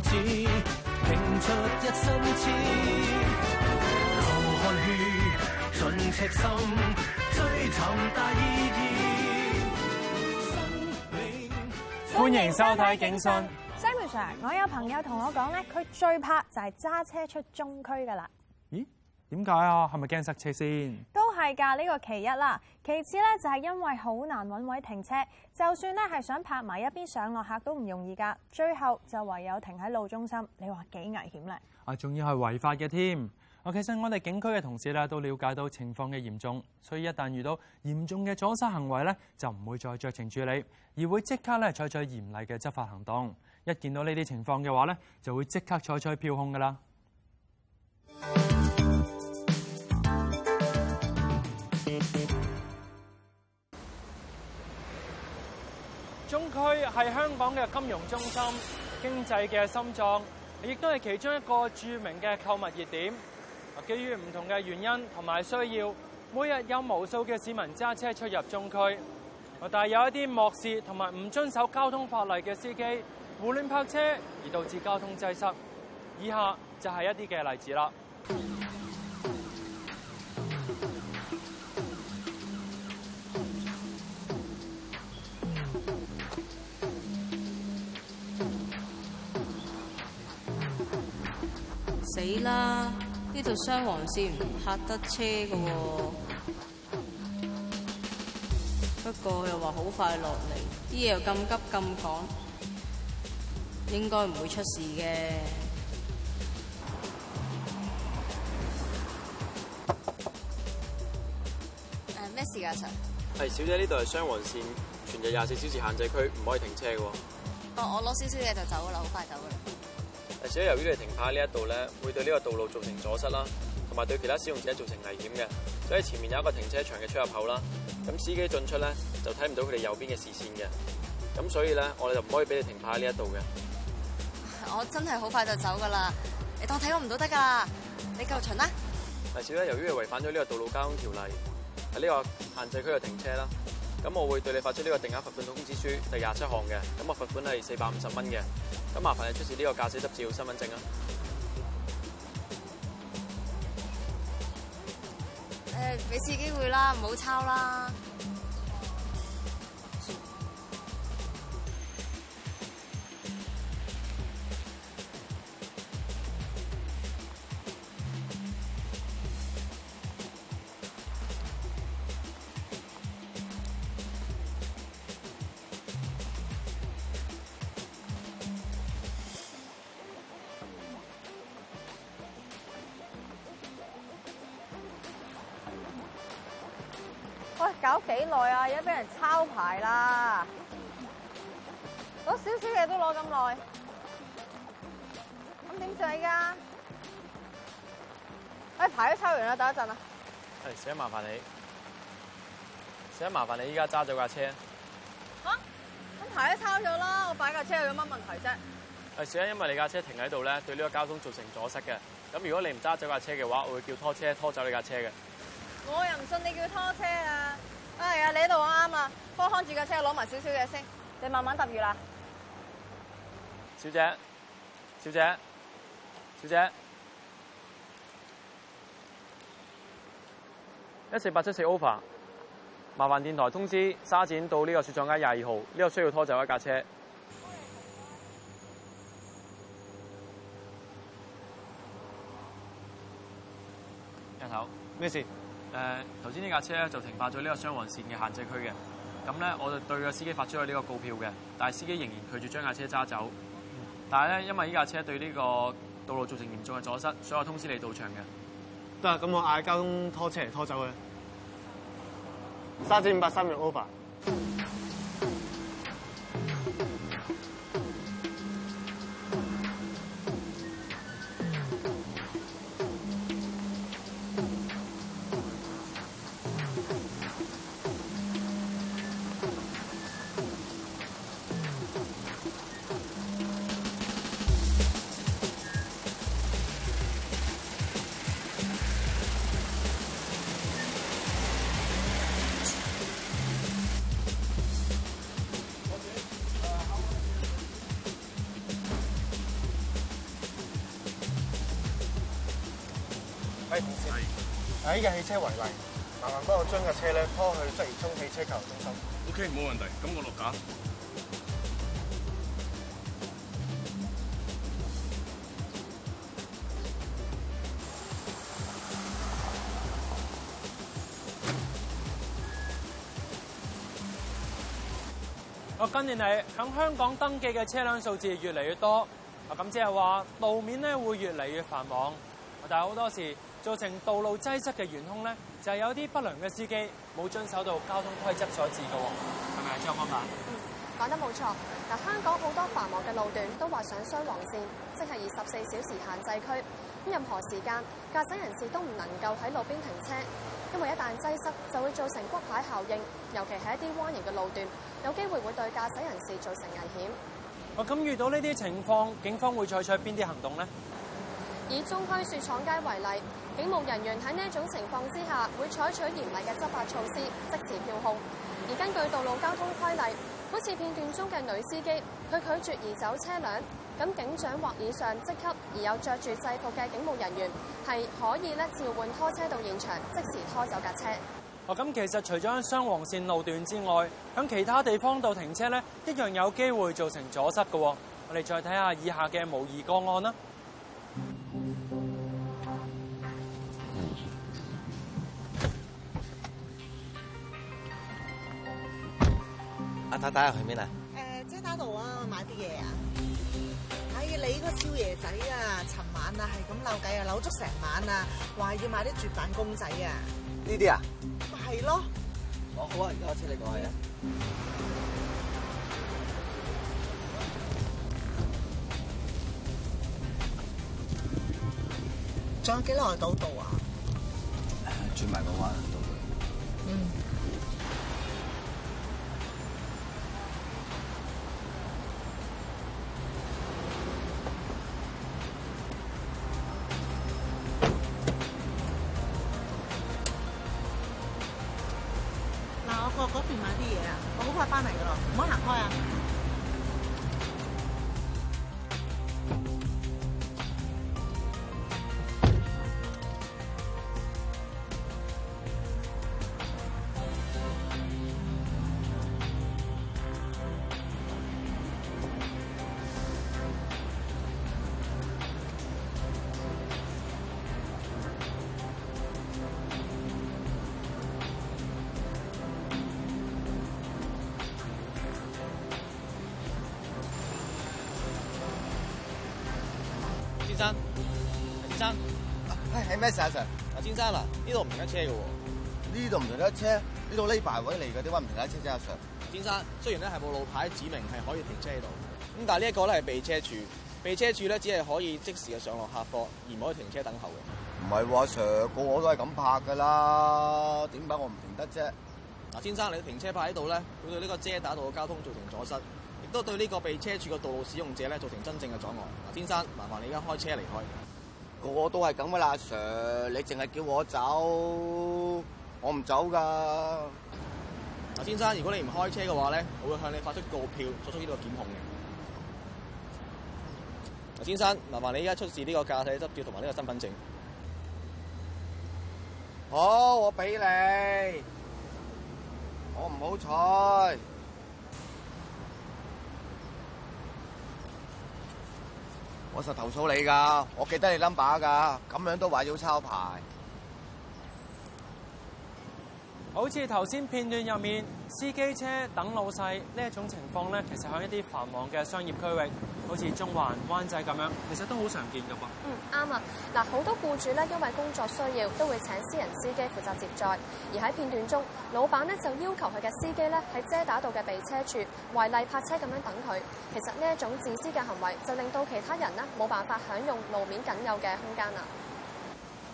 歡迎收睇《警訊》。Sam Sir，我有朋友同我講咧，佢最怕就係揸車出中區噶啦。點解啊？係咪驚塞車先？都係㗎，呢個其一啦。其次咧就係因為好難揾位停車，就算咧係想泊埋一邊上落客都唔容易㗎。最後就唯有停喺路中心，你話幾危險咧？啊，仲要係違法嘅添。啊，其實我哋警區嘅同事咧都了解到情況嘅嚴重，所以一旦遇到嚴重嘅阻塞行為咧，就唔會再酌情處理，而會即刻咧採取嚴厲嘅執法行動。一見到呢啲情況嘅話咧，就會即刻採取票控㗎啦。中區係香港嘅金融中心、經濟嘅心臟，亦都係其中一個著名嘅購物熱點。基於唔同嘅原因同埋需要，每日有無數嘅市民揸車出入中區，但係有一啲漠視同埋唔遵守交通法例嘅司機胡亂泊車，而導致交通擠塞。以下就係一啲嘅例子啦。死啦！呢度雙黃線唔泊得車噶喎，不過又話好快落嚟，啲嘢又咁急咁趕，應該唔會出事嘅。誒，咩事啊，Sir？係，小姐，呢度係雙黃線，全日廿四小時限制區，唔可以停車噶。我我攞少少嘢就走啦，好快走啦。少咧，由於你停泊喺呢一度咧，會對呢個道路造成阻塞啦，同埋對其他使用者造成危險嘅。所以前面有一個停車場嘅出入口啦，咁司機進出咧就睇唔到佢哋右邊嘅視線嘅。咁所以咧，我哋就唔可以俾你停泊喺呢一度嘅。我真係好快就走噶啦，你當睇我唔到得㗎，你夠長啦。少咧，由於你違反咗呢個道路交通條例喺呢個限制區度停車啦。咁我會對你發出呢個定額罰款通知書第廿七項嘅，咁個罰款係四百五十蚊嘅。咁麻煩你出示呢個駕駛執照、身份證啊。誒、呃，俾次機會啦，唔好抄啦。喂，搞幾耐啊？而家俾人抄牌啦！攞少少嘢都攞咁耐，咁點算啊？哎，牌都抄完啦，等一陣啊。係，小姐麻煩你，小姐麻煩你依家揸走架車。吓？咁牌都抄咗啦，我擺架車有乜問題啫？係小姐，因為你架車停喺度咧，對呢個交通造成阻塞嘅。咁如果你唔揸走架車嘅話，我會叫拖車拖走你架車嘅。我又唔信你叫拖車啊！哎呀、啊，你喺度我啱啊幫看住架車，攞埋少少嘢先。你慢慢搭住啦。小姐，小姐，小姐，一四八七四 over，麻煩電台通知沙展到呢個雪廠街廿二號呢、呢度需要拖走一架車。你好，咩事？誒頭先呢架車咧就停泊咗呢個雙黃線嘅限制區嘅，咁咧我就對個司機發出去呢個告票嘅，但係司機仍然拒絕將架車揸走，嗯、但係咧因為呢架車對呢個道路造成嚴重嘅阻塞，所以我通知你到場嘅。得，咁我嗌交通拖車嚟拖走嘅。三五三零 over。睇嘅汽車為例，慢慢幫我將架車咧拖去質疑汽車加油中心。OK，冇問題。咁我錄緊。近 年嚟響香港登記嘅車輛數字越嚟越多，啊咁即係話路面咧會越嚟越繁忙，但係好多時，造成道路擠塞嘅元兇呢，就係、是、有啲不良嘅司機冇遵守到交通規則所致嘅喎，係咪啊，張哥嘛？嗯，講得冇錯。嗱，香港好多繁忙嘅路段都劃上雙黃線，即係二十四小時限制區。任何時間駕駛人士都唔能夠喺路邊停車，因為一旦擠塞就會造成骨牌效應，尤其係一啲彎形嘅路段，有機會會對駕駛人士造成危險。哦、啊，咁遇到呢啲情況，警方會採取邊啲行動呢？以中區雪廠街為例。警務人員喺呢一種情況之下，會採取嚴厲嘅執法措施，即時票控。而根據道路交通規例，好似片段中嘅女司機，佢拒絕移走車輛，咁警長或以上職級而有着住制服嘅警務人員，係可以咧召喚拖車到現場，即時拖走架車。哦，咁其實除咗喺雙黃線路段之外，響其他地方度停車咧，一樣有機會造成阻塞噶。我哋再睇下以下嘅模擬個案啦。打打去邊啊？誒、呃，遮打道啊，買啲嘢啊！哎你個少爺仔啊，尋晚啊係咁扭計啊，扭足成晚啊，話、啊、要買啲絕版公仔啊！呢啲啊？係、就、咯、是。哦，好啊，而家我車你過去啊。仲有幾耐到度啊？轉埋個彎到。嗯。先生，先生，係咩事啊？阿先生，呢度唔停得車嘅喎，呢度唔停得車，呢度呢排位嚟嘅，點解唔停得車啫？阿 Sir，先生，雖然咧係冇路牌指明係可以停車喺度，咁但係呢一個咧係避車處，避車處咧只係可以即時嘅上落客貨，而唔可以停車等候嘅。唔係喎，阿 Sir，個個都係咁拍噶啦，點解我唔停得啫？嗱，先生，你停車泊喺度咧，會對呢個遮打道嘅交通造成阻塞。都對呢個避車處嘅道路使用者咧造成真正嘅阻礙。先生，麻煩你而家開車離開。個個都係咁噶啦，Sir，你淨係叫我走，我唔走噶。先生，如果你唔開車嘅話咧，我會向你發出告票，作出呢個檢控嘅。先生，麻煩你而家出示呢個駕駛執照同埋呢個身份證。好，我俾你。我唔好彩。我實投訴你噶，我記得你 number 噶，咁樣都話要抄牌。好似頭先片段入面，司機車等老細呢一種情況呢，其實喺一啲繁忙嘅商業區域，好似中環、灣仔咁樣，其實都好常見㗎嘛。嗯，啱啊！嗱，好多僱主呢，因為工作需要，都會請私人司機負責接載。而喺片段中，老闆呢，就要求佢嘅司機呢，喺遮打道嘅避車處違例泊車咁樣等佢。其實呢一種自私嘅行為，就令到其他人呢，冇辦法享用路面僅有嘅空間啦。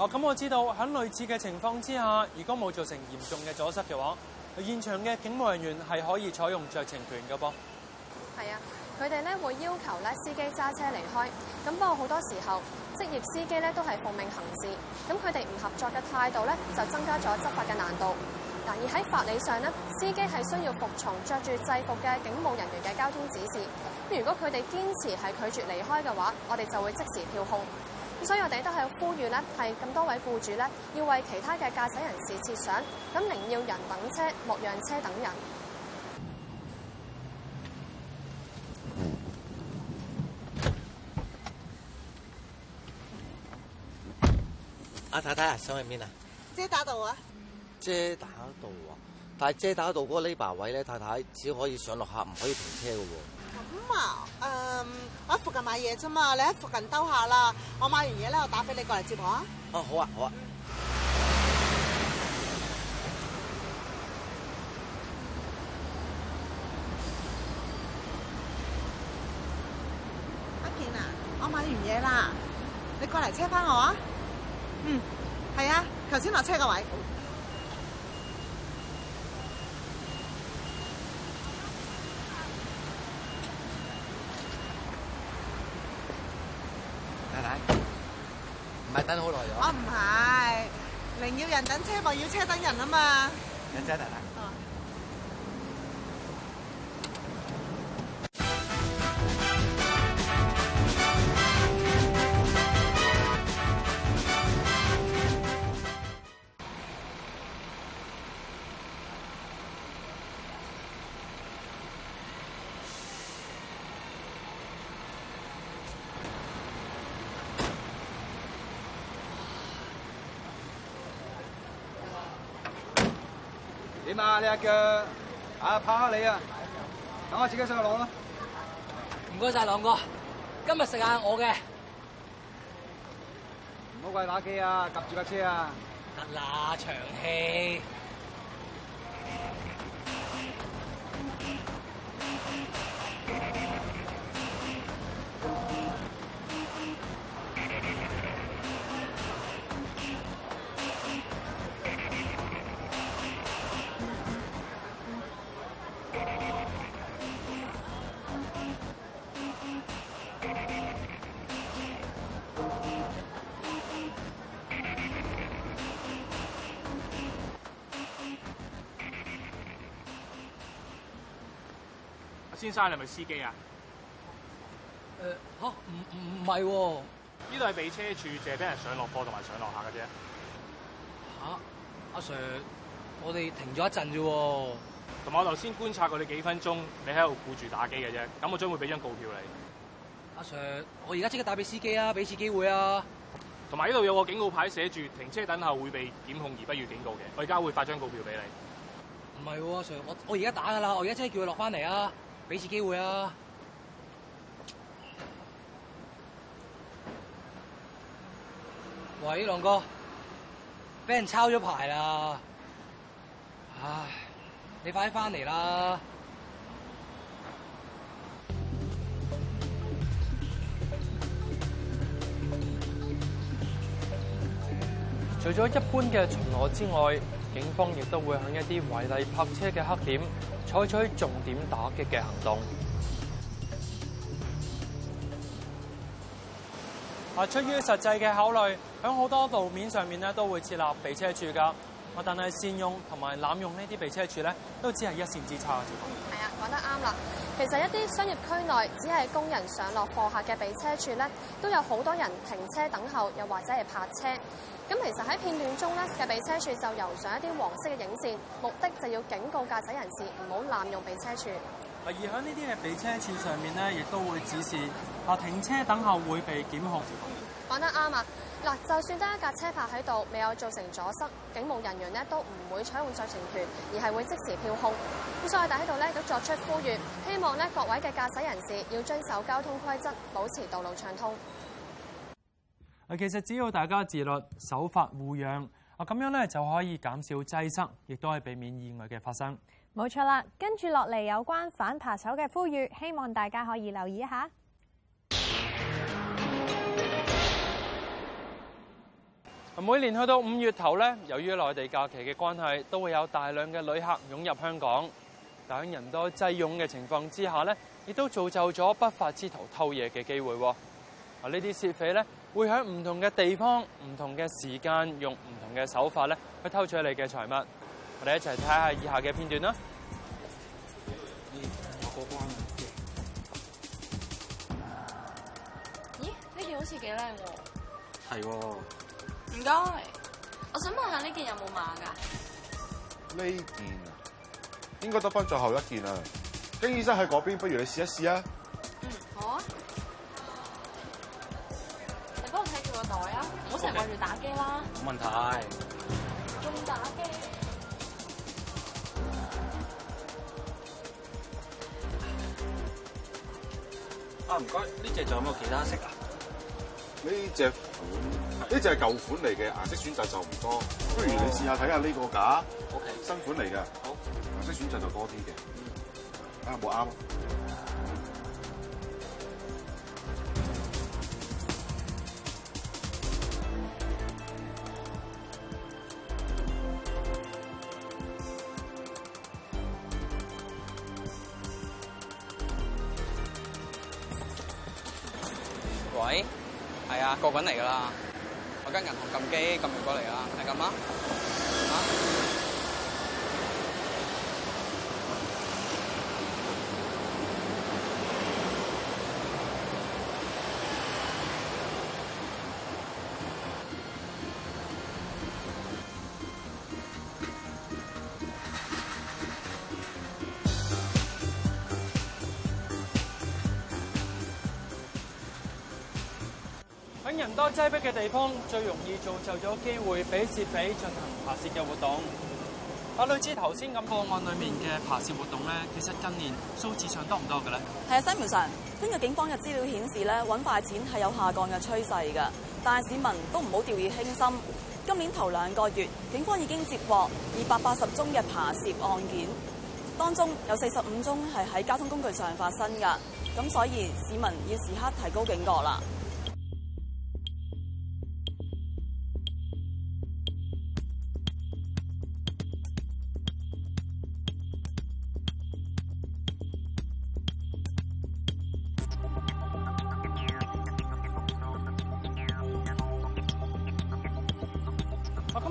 哦，咁我知道喺類似嘅情況之下，如果冇造成嚴重嘅阻塞嘅話，現場嘅警務人員係可以採用酌情權㗎噃。係啊，佢哋咧會要求咧司機揸車離開。咁不過好多時候，職業司機咧都係奉命行事。咁佢哋唔合作嘅態度咧，就增加咗執法嘅難度。嗱，而喺法理上呢，司機係需要服從著住制服嘅警務人員嘅交通指示。如果佢哋堅持係拒絕離開嘅話，我哋就會即時票控。咁所以我哋都係呼籲咧，係咁多位僱主咧，要為其他嘅駕駛人士設想，咁寧要人等車，莫讓車等人。阿太太啊，想去邊啊？遮打道啊？遮打道啊？但係遮打道嗰個呢排位咧，太太只可以上落客，唔可以停車噶喎。嗯，我喺附近買嘢啫嘛，你喺附近兜下啦。我買完嘢咧，我打俾你過嚟接我啊。哦，好啊，好啊。嗯、阿健啊，我買完嘢啦，你過嚟車翻我啊。嗯，係啊，頭先落車個位。唔係等好耐咗，我唔係，寧要人等車，咪要車等人啊嘛。等等等等。起碼你阿腳，啊怕，怕你啊，等我自己上去攞咯。唔該晒，朗哥，今日食下我嘅。唔好怪打機啊，夾住架車啊，得啦，長氣。先生，你係咪司機啊？誒、呃、嚇，唔唔係喎。呢度係避車處，淨係俾人上落貨同埋上落客嘅啫。嚇！阿、啊、Sir，我哋停咗一陣啫。同埋我頭先觀察過你幾分鐘，你喺度顧住打機嘅啫。咁我將會俾張告票你。阿、啊、Sir，我而家即刻打俾司機啊！俾次機會啊！同埋呢度有個警告牌寫住：停車等候會被檢控而不予警告嘅。我而家會發張告票俾你。唔係喎，Sir，我我而家打㗎啦，我而家即刻叫佢落翻嚟啊！俾次機會啊！喂，浪哥，俾人抄咗牌啦！唉，你快啲翻嚟啦！除咗一般嘅巡邏之外，警方亦都會喺一啲違例泊車嘅黑點採取重點打擊嘅行動。啊，出於實際嘅考慮，喺好多路面上面咧都會設立避車處噶，啊，但係善用同埋濫用呢啲避車處咧，都只係一線之差。嗯，係啊，講得啱啦。其實一啲商業區內只係工人上落貨客嘅避車處咧，都有好多人停車等候，又或者係泊車。咁其實喺片段中呢，嘅避車處就塗上一啲黃色嘅影線，目的就要警告駕駛人士唔好濫用避車處。而喺呢啲嘅避車處上面呢，亦都會指示啊，停車等候會被檢控，檢控。講得啱啊！嗱，就算得一架車泊喺度，未有造成阻塞，警務人員呢都唔會採用酌情權，而係會即時票控。咁所以我哋喺度呢都作出呼籲，希望呢各位嘅駕駛人士要遵守交通規則，保持道路暢通。其實只要大家自律、守法、互讓啊，咁樣咧就可以減少擠塞，亦都可以避免意外嘅發生。冇錯啦，跟住落嚟有關反扒手嘅呼籲，希望大家可以留意一下。每年去到五月頭咧，由於內地假期嘅關係，都會有大量嘅旅客湧入香港。但係人多擠擁嘅情況之下咧，亦都造就咗不法之徒偷嘢嘅機會。啊，呢啲涉匪咧～會喺唔同嘅地方、唔同嘅時間，用唔同嘅手法咧，去偷取你嘅財物。我哋一齊睇下以下嘅片段啦。咦？呢件好似幾靚喎。係喎。唔該。我想問下呢件有冇碼㗎？呢件啊，應該得翻最後一件啊。丁醫生喺嗰邊，不如你試一試啊！即係掛住打機啦，冇問題。仲打機啊？唔該，呢隻仲有冇其他色啊？呢隻款，呢隻係舊款嚟嘅，顏色選擇就唔多。不如你試下睇下呢個㗎，OK，新款嚟嘅。好，顏色選擇就多啲嘅。啱冇啱？啊，過緊嚟㗎啦！我間銀行撳機撳唔過嚟啦，係咁啊！人多擠迫嘅地方最容易造就咗機會俾竊匪進行扒竊嘅活動。啊，類似頭先咁個案裏面嘅扒竊活動呢，其實今年數字上多唔多嘅咧？係啊，新聞上根據警方嘅資料顯示咧，揾快錢係有下降嘅趨勢嘅，但係市民都唔好掉以輕心。今年頭兩個月，警方已經接獲二百八十宗嘅扒竊案件，當中有四十五宗係喺交通工具上發生嘅，咁所以市民要時刻提高警覺啦。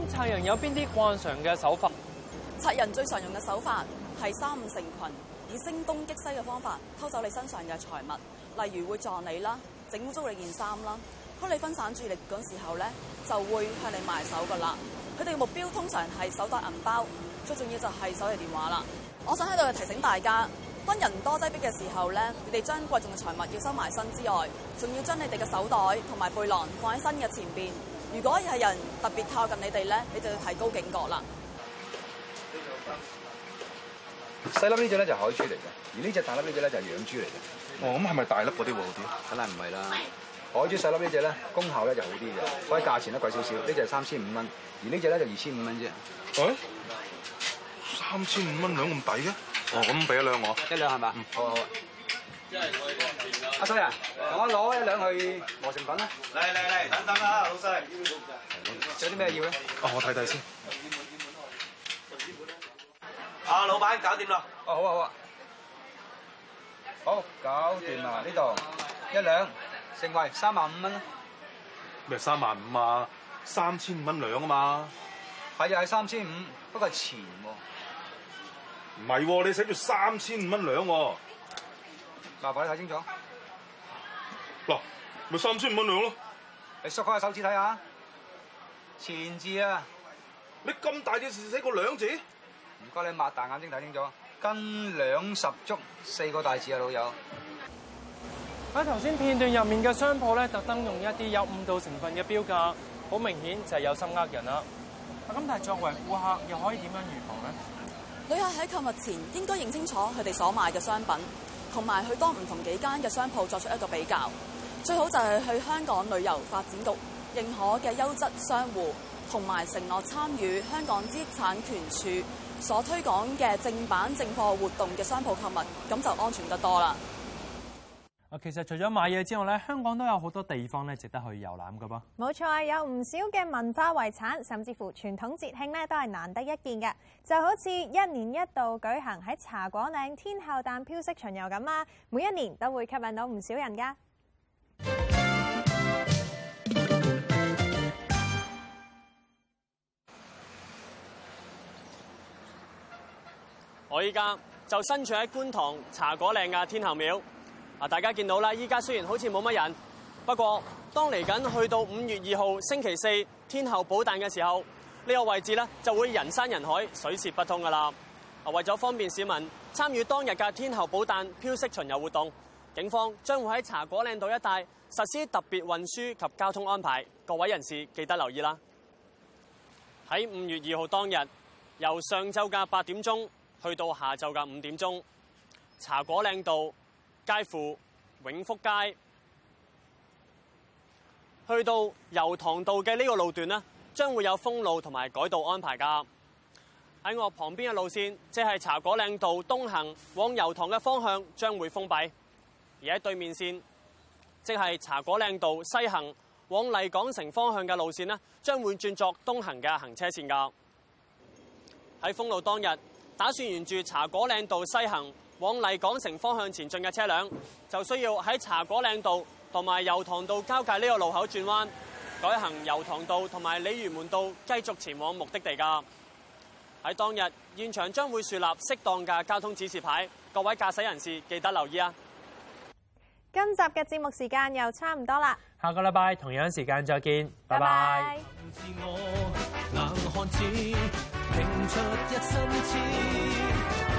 賊人有邊啲慣常嘅手法？賊人最常用嘅手法係三五成群，以聲東擊西嘅方法偷走你身上嘅財物，例如會撞你啦，整污糟你件衫啦，當你分散注意力嗰時候咧，就會向你埋手噶啦。佢哋嘅目標通常係手袋銀包，最重要就係手提電話啦。我想喺度提醒大家，當人多擠逼嘅時候咧，你哋將貴重嘅財物要收埋身之外，仲要將你哋嘅手袋同埋背囊放喺身嘅前面。如果係人特別靠近你哋咧，你就要提高警覺啦。細粒呢隻咧就海珠嚟嘅，而呢隻大粒呢隻咧就養珠嚟嘅。哦，咁係咪大粒嗰啲好啲？梗係唔係啦。海珠細粒呢隻咧功效咧就好啲嘅，所以價錢咧貴少少。呢隻係三千五蚊，而呢隻咧就二千五蚊啫。隻、哎。三千五蚊兩咁抵嘅？哦，咁俾一兩我？一兩係嘛？嗯，好好。阿叔啊，同我攞一兩去磨成品啦。嚟嚟嚟，等等啊，老細。仲有啲咩要咧？哦，我睇睇先。啊，老闆，搞掂啦。哦，好啊，好啊。好，搞掂啦，呢度一兩，成為三萬五蚊啊。咩三萬五啊？三千五蚊兩啊嘛。係就係三千五，不過係錢喎。唔係喎，你寫住三千五蚊兩喎。看看看啊、麻煩你睇清楚嗱，咪三千五蚊兩咯。你縮開個手指睇下前字啊！你咁大隻字寫過兩字？唔該，你擘大眼睛睇清楚，斤兩十足四個大字啊，老友。喺頭先片段入面嘅商鋪咧，特登用一啲有誤導成分嘅標價，好明顯就係有心呃人啦。咁但係作為顧客又可以點樣預防咧？旅客喺購物前應該認清楚佢哋所賣嘅商品。同埋去多唔同幾間嘅商鋪作出一個比較，最好就係去香港旅遊發展局認可嘅優質商戶，同埋承諾參與香港知識產權署所推廣嘅正版正貨活動嘅商鋪購物，咁就安全得多啦。啊，其實除咗買嘢之外咧，香港都有好多地方咧，值得去遊覽噶噃。冇錯，有唔少嘅文化遺產，甚至乎傳統節慶咧都係難得一見嘅。就好似一年一度舉行喺茶果嶺天后誕飄色巡遊咁啊，每一年都會吸引到唔少人噶。我依家就身處喺觀塘茶果嶺嘅天后廟。大家見到啦，依家雖然好似冇乜人，不過當嚟緊去到五月二號星期四天后寶誕嘅時候，呢、呢個位置呢就會人山人海、水泄不通噶啦。啊，為咗方便市民參與當日嘅天后寶誕飄色巡遊活動，警方將會喺茶果嶺道一帶實施特別運輸及交通安排。各位人士記得留意啦。喺五月二號當日，由上晝嘅八點鐘去到下晝嘅五點鐘，茶果嶺道，街富永福街，去到油塘道嘅呢個路段呢，將會有封路同埋改道安排噶。喺我旁邊嘅路線，即係茶果嶺道東行往油塘嘅方向，將會封閉。而喺對面線，即係茶果嶺道西行往麗港城方向嘅路線呢，將會轉作東行嘅行車線噶。喺封路當日，打算沿住茶果嶺道西行，往麗港城方向前進嘅車輛，就需要喺茶果嶺道同埋油塘道交界呢個路口轉彎，改行油塘道同埋鯉魚門道，繼續前往目的地噶。喺當日，現場將會樹立適當嘅交通指示牌，各位駕駛人士記得留意啊。今集嘅節目時間又差唔多啦，下個禮拜同樣時間再見，拜拜。拜拜。